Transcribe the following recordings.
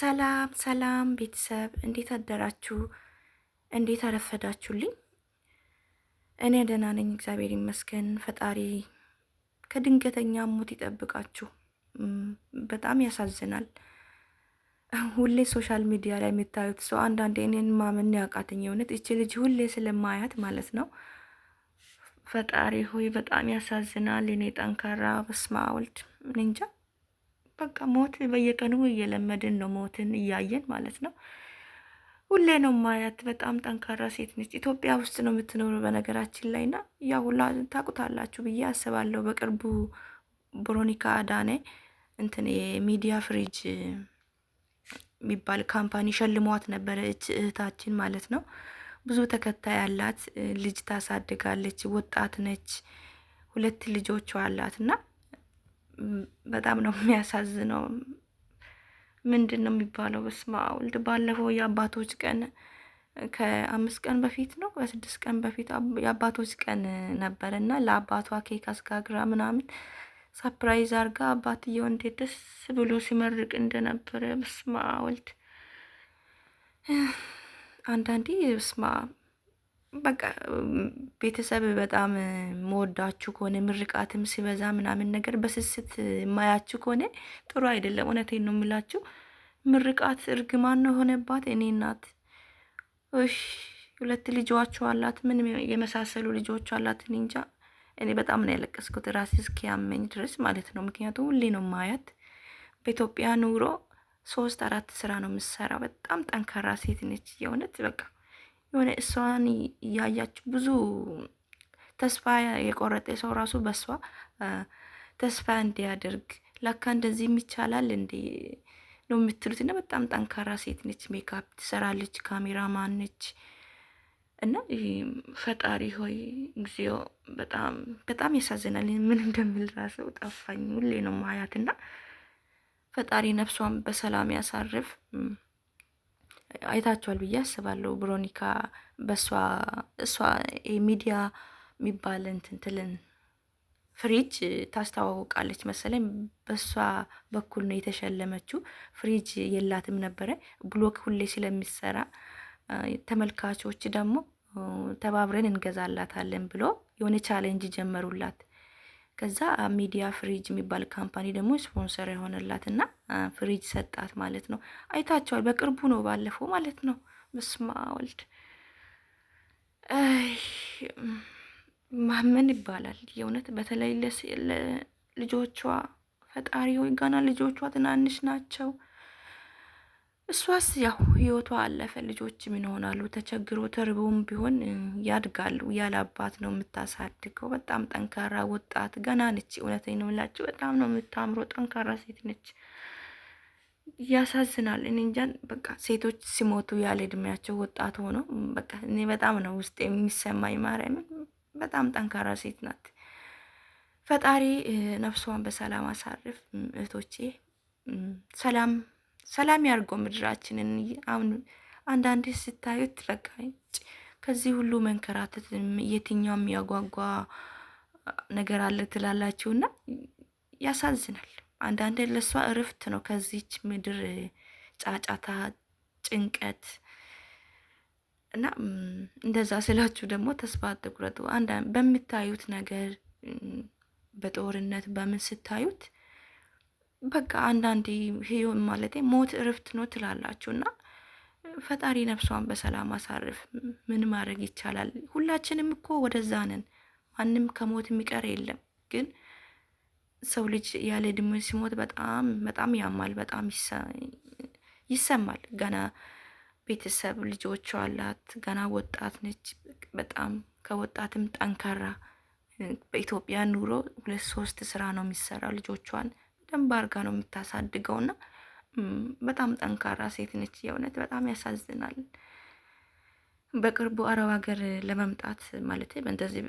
ሰላም ሰላም ቤተሰብ እንዴት አደራችሁ? እንዴት አረፈዳችሁልኝ? እኔ ደህና ነኝ፣ እግዚአብሔር ይመስገን። ፈጣሪ ከድንገተኛ ሞት ይጠብቃችሁ። በጣም ያሳዝናል። ሁሌ ሶሻል ሚዲያ ላይ የምታዩት ሰው አንዳንዴ እኔን ማመን ያቃተኝ የእውነት እች ልጅ ሁሌ ስለማያት ማለት ነው። ፈጣሪ ሆይ በጣም ያሳዝናል። እኔ ጠንካራ በስመ አብ ወልድ እንጃ በቃ ሞት በየቀኑ እየለመድን ነው፣ ሞትን እያየን ማለት ነው። ሁሌ ነው ማያት። በጣም ጠንካራ ሴት ነች። ኢትዮጵያ ውስጥ ነው የምትኖረው በነገራችን ላይ እና ያ ሁላ ታውቁታላችሁ ብዬ አስባለሁ። በቅርቡ ብሮኒካ አዳኔ እንትን የሚዲያ ፍሪጅ የሚባል ካምፓኒ ሸልሟት ነበረ፣ እች እህታችን ማለት ነው። ብዙ ተከታይ ያላት ልጅ ታሳድጋለች፣ ወጣት ነች። ሁለት ልጆቿ አላት እና በጣም ነው የሚያሳዝነው። ምንድን ነው የሚባለው? በስመ አብ ወልድ። ባለፈው የአባቶች ቀን ከአምስት ቀን በፊት ነው ከስድስት ቀን በፊት የአባቶች ቀን ነበር እና ለአባቷ ኬክ አስጋግራ ምናምን ሳፕራይዝ አርጋ አባትየው እንዴት ደስ ብሎ ሲመርቅ እንደነበረ በስመ አብ ወልድ። አንዳንዴ በስመ አብ በቃ ቤተሰብ በጣም መወዳችሁ ከሆነ ምርቃትም ሲበዛ ምናምን ነገር በስስት ማያችሁ ከሆነ ጥሩ አይደለም። እውነቴን ነው የምላችሁ። ምርቃት እርግማን ነው የሆነባት እኔ እናት። እሺ ሁለት ልጆች አላት፣ ምን የመሳሰሉ ልጆች አላት። እኔ እንጃ እኔ በጣም ነው ያለቀስኩት ራሴ እስኪያመኝ ድረስ ማለት ነው። ምክንያቱም ሁሌ ነው ማያት። በኢትዮጵያ ኑሮ ሶስት አራት ስራ ነው የምሰራ። በጣም ጠንካራ ሴት ነች የእውነት በቃ የሆነ እሷን እያያችሁ ብዙ ተስፋ የቆረጠ ሰው ራሱ በእሷ ተስፋ እንዲያደርግ ለካ እንደዚህም ይቻላል እንዴ ነው የምትሉት። እና በጣም ጠንካራ ሴት ነች፣ ሜካፕ ትሰራለች፣ ካሜራ ማን ነች። እና ፈጣሪ ሆይ እግዚኦ፣ በጣም በጣም ያሳዝናል። ምን እንደምል ራሰው ጠፋኝ። ሁሌ ነው ማያት እና ፈጣሪ ነፍሷን በሰላም ያሳርፍ። አይታችኋል ብዬ አስባለሁ። ብሮኒካ በእሷ እሷ ሚዲያ የሚባል እንትን ትልን ፍሪጅ ታስተዋውቃለች መሰለኝ። በእሷ በኩል ነው የተሸለመችው። ፍሪጅ የላትም ነበረ ብሎክ ሁሌ ስለሚሰራ ተመልካቾች ደግሞ ተባብረን እንገዛላታለን ብሎ የሆነ ቻሌንጅ ጀመሩላት። ከዛ ሚዲያ ፍሪጅ የሚባል ካምፓኒ ደግሞ ስፖንሰር የሆነላትና ፍሪጅ ሰጣት ማለት ነው። አይታቸዋል። በቅርቡ ነው ባለፈው ማለት ነው። በስመ ወልድ ማመን ይባላል። የእውነት በተለይ ልጆቿ ፈጣሪ ሆይ ገና ልጆቿ ትናንሽ ናቸው። እሷስ ያው ህይወቷ አለፈ። ልጆች ምን ሆናሉ? ተቸግሮ ተርቦም ቢሆን ያድጋሉ። ያለ አባት ነው የምታሳድገው። በጣም ጠንካራ ወጣት ገና ነች። እውነተኝ ነው የምላችሁ፣ በጣም ነው የምታምረው። ጠንካራ ሴት ነች። ያሳዝናል። እኔ እንጃን በቃ ሴቶች ሲሞቱ ያለ እድሜያቸው ወጣት ሆኖ በቃ እኔ በጣም ነው ውስጥ የሚሰማኝ። ማርያምን በጣም ጠንካራ ሴት ናት። ፈጣሪ ነፍሷን በሰላም አሳርፍ። እህቶቼ ሰላም ሰላም ያርጎ ምድራችንን። አሁን አንዳንዴ ስታዩት በቃ ከዚህ ሁሉ መንከራተት የትኛው የሚያጓጓ ነገር አለ ትላላችሁና ያሳዝናል። አንዳንዴ ለእሷ እርፍት ነው ከዚች ምድር ጫጫታ፣ ጭንቀት እና እንደዛ ስላችሁ ደግሞ ተስፋ አትቁረጡ። በምታዩት ነገር በጦርነት በምን ስታዩት በቃ አንዳንዴ ህይወት ማለት ሞት እርፍት ነው ትላላችሁ እና ፈጣሪ ነፍሷን በሰላም አሳርፍ። ምን ማድረግ ይቻላል? ሁላችንም እኮ ወደዛ ነን። ማንም ከሞት የሚቀር የለም። ግን ሰው ልጅ ያለ እድሜ ሲሞት በጣም በጣም ያማል፣ በጣም ይሰማል። ገና ቤተሰብ ልጆቿ አላት፣ ገና ወጣት ነች። በጣም ከወጣትም ጠንካራ በኢትዮጵያ ኑሮ ሁለት ሶስት ስራ ነው የሚሰራ ልጆቿን በደንብ አድርጋ ነው ና በጣም ጠንካራ ሴት ነች። የእውነት በጣም ያሳዝናል። በቅርቡ አረብ ሀገር ለመምጣት ማለት በእንደዚህ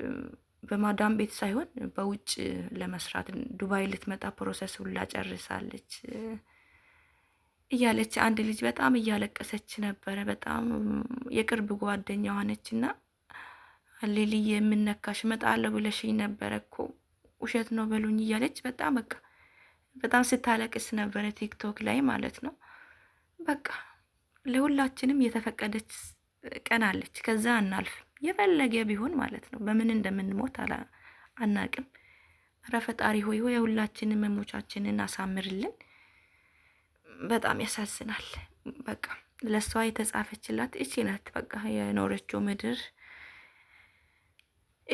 በማዳም ቤት ሳይሆን በውጭ ለመስራት ዱባይ ልትመጣ ፕሮሰስ ሁላ ጨርሳለች እያለች አንድ ልጅ በጣም እያለቀሰች ነበረ። በጣም የቅርብ ጓደኛዋ ነች እና ሌሊዬ የምነካሽ መጣለሁ ብለሽኝ ነበረ እኮ ውሸት ነው በሉኝ እያለች በጣም በቃ በጣም ስታለቅስ ነበረ ቲክቶክ ላይ ማለት ነው። በቃ ለሁላችንም የተፈቀደች ቀን አለች። ከዛ አናልፍም፣ የፈለገ ቢሆን ማለት ነው። በምን እንደምንሞት አናቅም። ኧረ ፈጣሪ ሆይ ሆይ የሁላችንን መሞቻችንን አሳምርልን። በጣም ያሳዝናል። በቃ ለእሷ የተጻፈችላት እቺ ናት። በቃ የኖረችው ምድር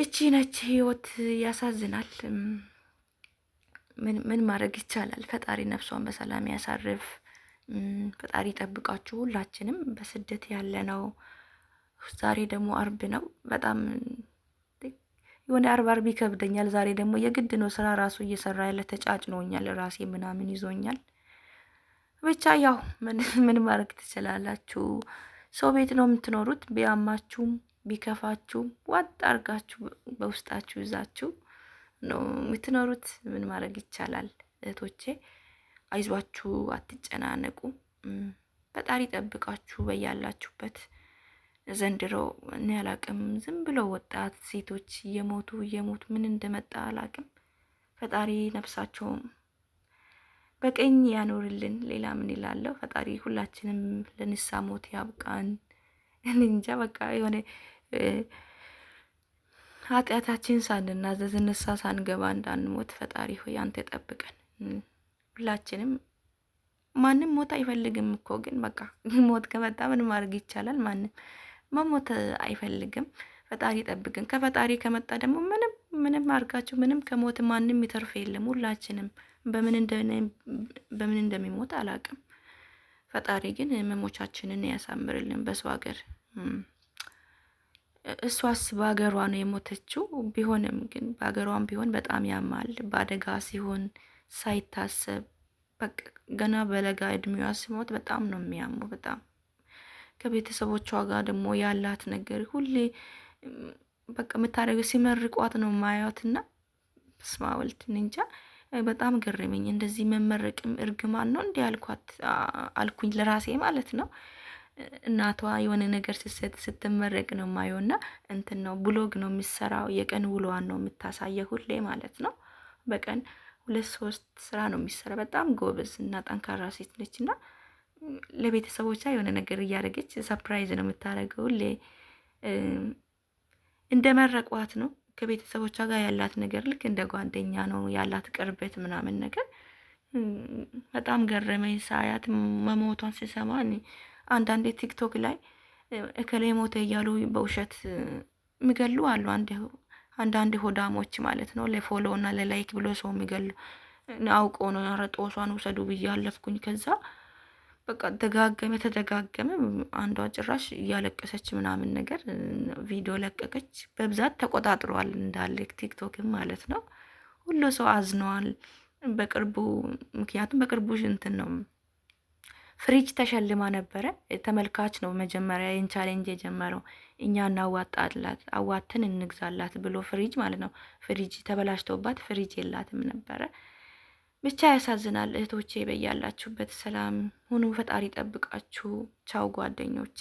እቺ ነች። ህይወት ያሳዝናል። ምን ማድረግ ይቻላል? ፈጣሪ ነፍሷን በሰላም ያሳርፍ። ፈጣሪ ጠብቃችሁ። ሁላችንም በስደት ያለ ነው። ዛሬ ደግሞ አርብ ነው። በጣም የሆነ አርብ አርብ ይከብደኛል። ዛሬ ደግሞ የግድ ነው ስራ ራሱ እየሰራ ያለ ተጫጭኖኛል፣ ራሴ ምናምን ይዞኛል። ብቻ ያው ምን ማድረግ ትችላላችሁ? ሰው ቤት ነው የምትኖሩት። ቢያማችሁም ቢከፋችሁም ዋጥ አርጋችሁ በውስጣችሁ ይዛችሁ ነው የምትኖሩት። ምን ማድረግ ይቻላል እህቶቼ፣ አይዟችሁ፣ አትጨናነቁ። ፈጣሪ ጠብቃችሁ በያላችሁበት። ዘንድሮ እኔ አላቅም፣ ዝም ብሎ ወጣት ሴቶች እየሞቱ እየሞቱ ምን እንደመጣ አላቅም። ፈጣሪ ነፍሳቸውም በቀኝ ያኖርልን። ሌላ ምን ይላለሁ? ፈጣሪ ሁላችንም ለንሳ ሞት ያብቃን። እንጃ በቃ የሆነ ኃጢአታችን ሳንናዘዝ ንስሐ ሳንገባ እንዳንሞት ፈጣሪ ሆይ አንተ ጠብቀን። ሁላችንም ማንም ሞት አይፈልግም እኮ ግን በቃ ሞት ከመጣ ምን ማድረግ ይቻላል? ማንም መሞት አይፈልግም። ፈጣሪ ጠብቅን። ከፈጣሪ ከመጣ ደግሞ ምንም ምንም አድርጋችሁ ምንም ከሞት ማንም ይተርፍ የለም። ሁላችንም በምን እንደሚሞት አላቅም። ፈጣሪ ግን መሞቻችንን ያሳምርልን በሰው ሀገር እሷስ በሀገሯ ነው የሞተችው። ቢሆንም ግን በሀገሯም ቢሆን በጣም ያማል። በአደጋ ሲሆን ሳይታሰብ በቃ ገና በለጋ እድሜዋ ሲሞት በጣም ነው የሚያሙ። በጣም ከቤተሰቦቿ ጋር ደግሞ ያላት ነገር ሁሌ በቃ የምታደረገ ሲመርቋት ነው ማያት እና ስማወልት አብ እንጃ በጣም ገረመኝ። እንደዚህ መመረቅም እርግማን ነው እንዲህ አልኳት አልኩኝ ለራሴ ማለት ነው። እናቷ የሆነ ነገር ስትሰጥ ስትመረቅ ነው የማየው እና እንትን ነው ብሎግ ነው የሚሰራው የቀን ውሏን ነው የምታሳየው ሁሌ ማለት ነው። በቀን ሁለት ሶስት ስራ ነው የሚሰራ። በጣም ጎበዝ እና ጠንካራ ሴት ነች እና ለቤተሰቦቿ የሆነ ነገር እያደረገች ሰፕራይዝ ነው የምታደርገው። ሁሌ መረቋት ነው ከቤተሰቦቿ ጋር ያላት ነገር ልክ እንደ ጓደኛ ነው ያላት ቅርበት ምናምን ነገር በጣም ገረመኝ ሳያት መሞቷን ስሰማ አንዳንዴ ቲክቶክ ላይ እከሌ ሞተ እያሉ በውሸት የሚገሉ አሉ። አንዳንድ ሆዳሞች ማለት ነው። ለፎሎ እና ለላይክ ብሎ ሰው የሚገሉ አውቆ ነው። ኧረ ጦሷን ውሰዱ ብዬ አለፍኩኝ። ከዛ በቃ ደጋገመ ተደጋገመ። አንዷ ጭራሽ እያለቀሰች ምናምን ነገር ቪዲዮ ለቀቀች። በብዛት ተቆጣጥሯል እንዳለ ቲክቶክም ማለት ነው። ሁሉ ሰው አዝነዋል። በቅርቡ ምክንያቱም በቅርቡ እንትን ነው ፍሪጅ ተሸልማ ነበረ። ተመልካች ነው መጀመሪያ ይህን ቻሌንጅ የጀመረው። እኛ እናዋጣላት አዋትን እንግዛላት ብሎ ፍሪጅ ማለት ነው። ፍሪጅ ተበላሽቶባት ፍሪጅ የላትም ነበረ። ብቻ ያሳዝናል። እህቶቼ በያላችሁበት ሰላም ሁኑ። ፈጣሪ ጠብቃችሁ። ቻው ጓደኞቼ።